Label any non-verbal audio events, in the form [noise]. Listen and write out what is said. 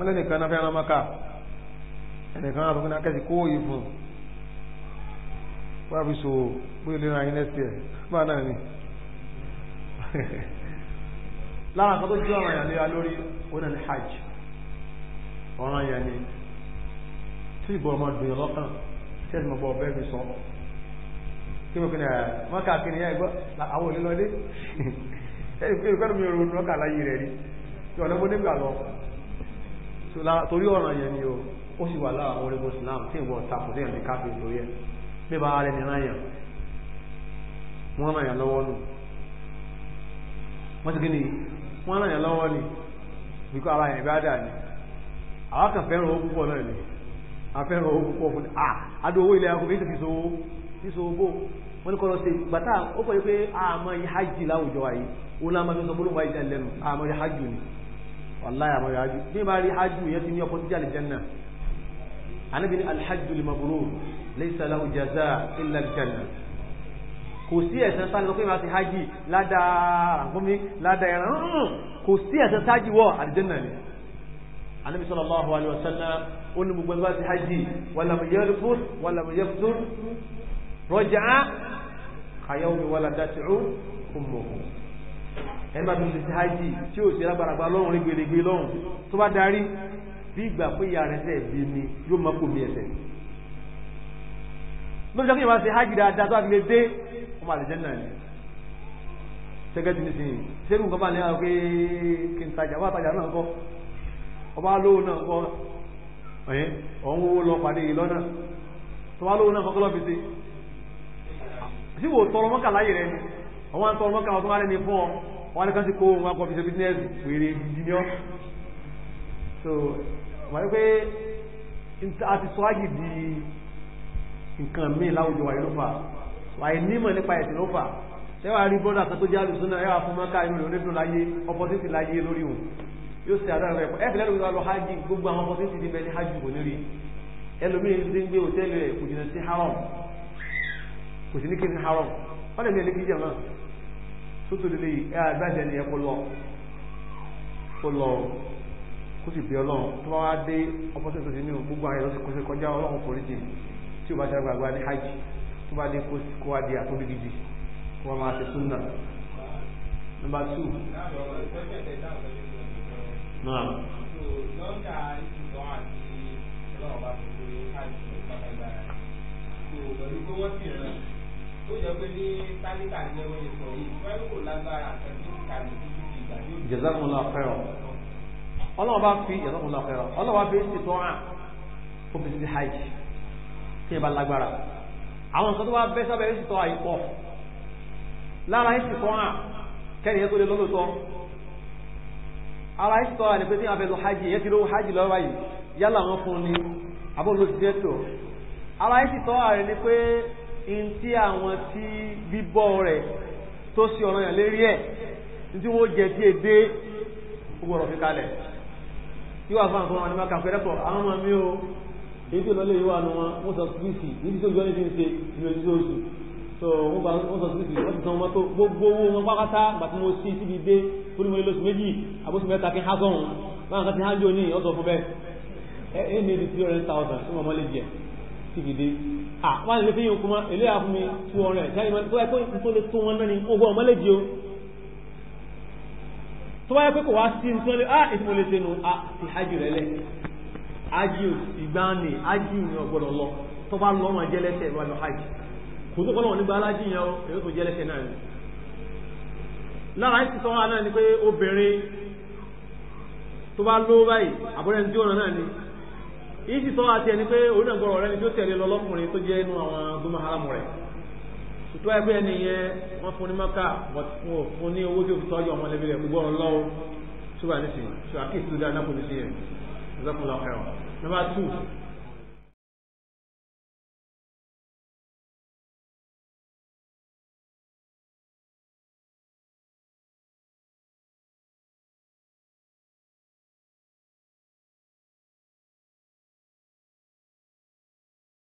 wọ́n lẹ́nìkan náà fẹ́ràn mọ́ká ẹnìkan náà fọ́nà kẹ́sì kó yìí fún wọ́n fi so pé ilé ra ilé tiẹ̀ bá náà ni [laughs] lára kan tó jẹ́ ọ̀ràn yàn léra lórí òun náà ni hajj ọ̀ràn yàn ni tí ìbọn ọmọ gbìyàn lọ́kàn tí ẹ̀sìn ọgbọ ọbẹ̀ mi sọ kí mo kìnnà mọ́ká kìnnà yẹn gbọ́ àwọn òlélọ́dé [laughs] ẹ̀rì pé ìkọ́nù mi rò ó lọ́kà láyé rẹ̀ rí ọ̀nà mo nígbà lọ torí ọ̀ràn yẹn ni o ó sì wà láwọn orígun islam tí ìwọ ọ̀tàkùn sí ẹ̀mí káfí lórí ẹ̀ bíbá ara ẹni ráyàn wọ́n ráyàn lọ́wọ́ nù wọ́n ti kí ni wọ́n ráyàn lọ́wọ́ ni bíkọ́ ara yẹn bá dà ní àwọn kan fẹ́ràn owó púpọ̀ náà ni a fẹ́ràn owó púpọ̀ fún à adó owó ilẹ̀ akọ méjì fi sowó fi sowó bò wọ́n ní kọ́ lọ sí gbàtà ó kọ́ yẹ pé àmọ́ yìí hajj láwùjọ wa yìí ó lámọ́ wàláyà àmọ́ yàrá bí bá rí hajj yẹn ti ní ọkọ̀ jíjà àlìjẹ́nà ànábi ní alhajj lè mọ̀bùrù laysa lahu jaza illa aljanna kò sí ẹ̀sẹ̀ sáà lọ́kọ́ ìmọ̀ àti hajj ládàá ràgbọ́mí ládàá ẹ̀rọ kò sí ẹ̀sẹ̀ sáà jì wọ́ àlìjẹ́nà ni anabi sallallahu alaihi wasallam ó ní gbogbo ẹgbẹ́ ti hajj wàlà mú yẹrùfún wàlà mú yẹfún rọjà kàyọ̀ mi wàlà dàtìrú kùmùkù ẹ má tún ṣe hajj tí ò ṣe lágbàlagbà lọ́rùn rí gbèrègbè lọ́rùn tó bá darí bí ìgbà pé ìyá rẹ̀ sẹ̀ bí ni yóò má kò mí ẹsẹ̀. lóbi sọ pé ṣe hajj dáadáa tó àgbẹ̀ dé ọmọ àlejò náà ni sẹ́gẹ́tì ní sìn sẹ́gun kan máa ní àwọn pé kí n tajà wá tajà náà kọ́ ọba lóhùn náà kọ́ ẹ̀yìn ọ̀hún owó lọ pàdé yìí lọ́nà tó wá lóhùn náà kọ́kọ́ lọ́ọ́ fi wọn ní kan ti kó wọn kọ́ fi ṣe bísínẹ́sì wèrè ìdíní ọ́ so wọ́n ní pé a ti sọ ájì di nǹkan míì láwùjọ wáyé ló fà wáyé nímọ̀ nípa ẹ̀sìn ló fà tẹ́wàá rí bọ́dà kan tó jẹ́ àlùsùn náà ẹ̀wà fún mọ́ká inú onídùn láyé opportunity láyé lórí òun yóò ṣe àdára rẹ̀ ẹ̀fẹ̀ lẹ́nu ìwà lọ hajj gbogbo àwọn opportunity ní bẹ́ẹ̀ ní hajj kò ní rí ẹlòmíràn ti ń gbé hòtẹ́ẹ̀lì rẹ̀ kò jìnnà sí haram kò sí ní kí n haram wọ́n lè ní ẹlẹ́gbẹ́jẹ̀ náà sótò lè lè àgbàṣẹ ni ẹ kó lọ kó lọ kó sì bí ọlọ́run tó bá wá dé ọpọ́sẹ̀ tó ti nínú gbogbo àwọn ẹ̀rọ kó sì kọjá ọlọ́run forí jìn tí ò bá jágbà gba ní hajj tó bá dé kó wá di àtúndì gidi kó wá máa ṣe súnà. nọmba two. jazakumullahu khairan ọlọ́wọ́ bá fi jazakumullahu khairan ọlọ́wọ́ bá fi ṣètò hàn fún bíi hajj tí ẹ bá lágbára àwọn nǹkan tó wá bẹ́ sábẹ́ ṣètò àyípọ̀ lára ṣètò hàn kẹ́rin yẹn tó lé lọ́lọ́tọ́ ara ṣètò hàn ní pé tí wọ́n fẹ́ lọ hajj yẹn ti lọ hajj lọ́wọ́ yìí yálà wọn fún ni àbọ̀ ló ti jẹ́ ara ṣètò hàn ní in tí àwọn tí bíbọ́ rẹ̀ tó sí ọ̀rọ̀ yàn lérí ẹ̀ tí wọ́n jẹ tí èdè gbọ́rọ̀ fi kalẹ̀ tí wà fún àwọn àdìmọ́ kàfẹ́ rẹ́pọ̀ àwọn ọmọ mi o èyí tó lọlé ìwà nu wọn wọ́n sọ síìsì níbi tó jọ níbi ń ṣe ìlú èyí tó oṣù tó wọ́n bá wọ́n sọ síìsì wọ́n ti san wọn tó gbogbo owó wọn pápátá gbàtí mo sí síbi dé tó ní mo lé lóṣù méjì àbóṣù mẹ́ta kí n há sọ̀hún báwọn kan ti há jò ní ọ̀sọ̀ fún bẹ́ẹ̀ ẹ̀ ẹ̀ ní three hundred thousand tí wọ́n mọ́ lè jẹ́ sì ah dé à wọ́n lè fi yín okun mọ́ èlé àfún mi tú ọ̀rẹ́ jáde máa tó wáyé pé tó lè tó wọn náà ni ó ọmọ lè di o pé kò wá sí ah, lè ah ìfún lè sẹ́nu ah ti hajj rẹ lẹ̀ hajj ìgbàanì hajj ni lọ wọn lọ hajj kò tó kọ́ lọ́wọ́ nígbà alájì yẹn o èyí tó jẹ́lẹ́sẹ̀ náà ni lára náà yìí sì sọ àti ẹni pé onídàgbọ́rọ̀ ọ̀rẹ́ ni tí ó tẹ̀lé lọ lọ́kùnrin tó jẹ́ inú àwọn gbọmọ haramu rẹ̀ tó ẹ pé ẹni yẹn wọ́n fún ní mọ́kà wọ́n fún ní owó tí ó fi tọ́jú ọmọ lẹ́bí rẹ̀ gbogbo ọ̀rọ̀ lọ́wọ́ ṣùgbọ́n àníṣe ṣùgbọ́n àkíyèsí tó dáa náà kò ní sí yẹn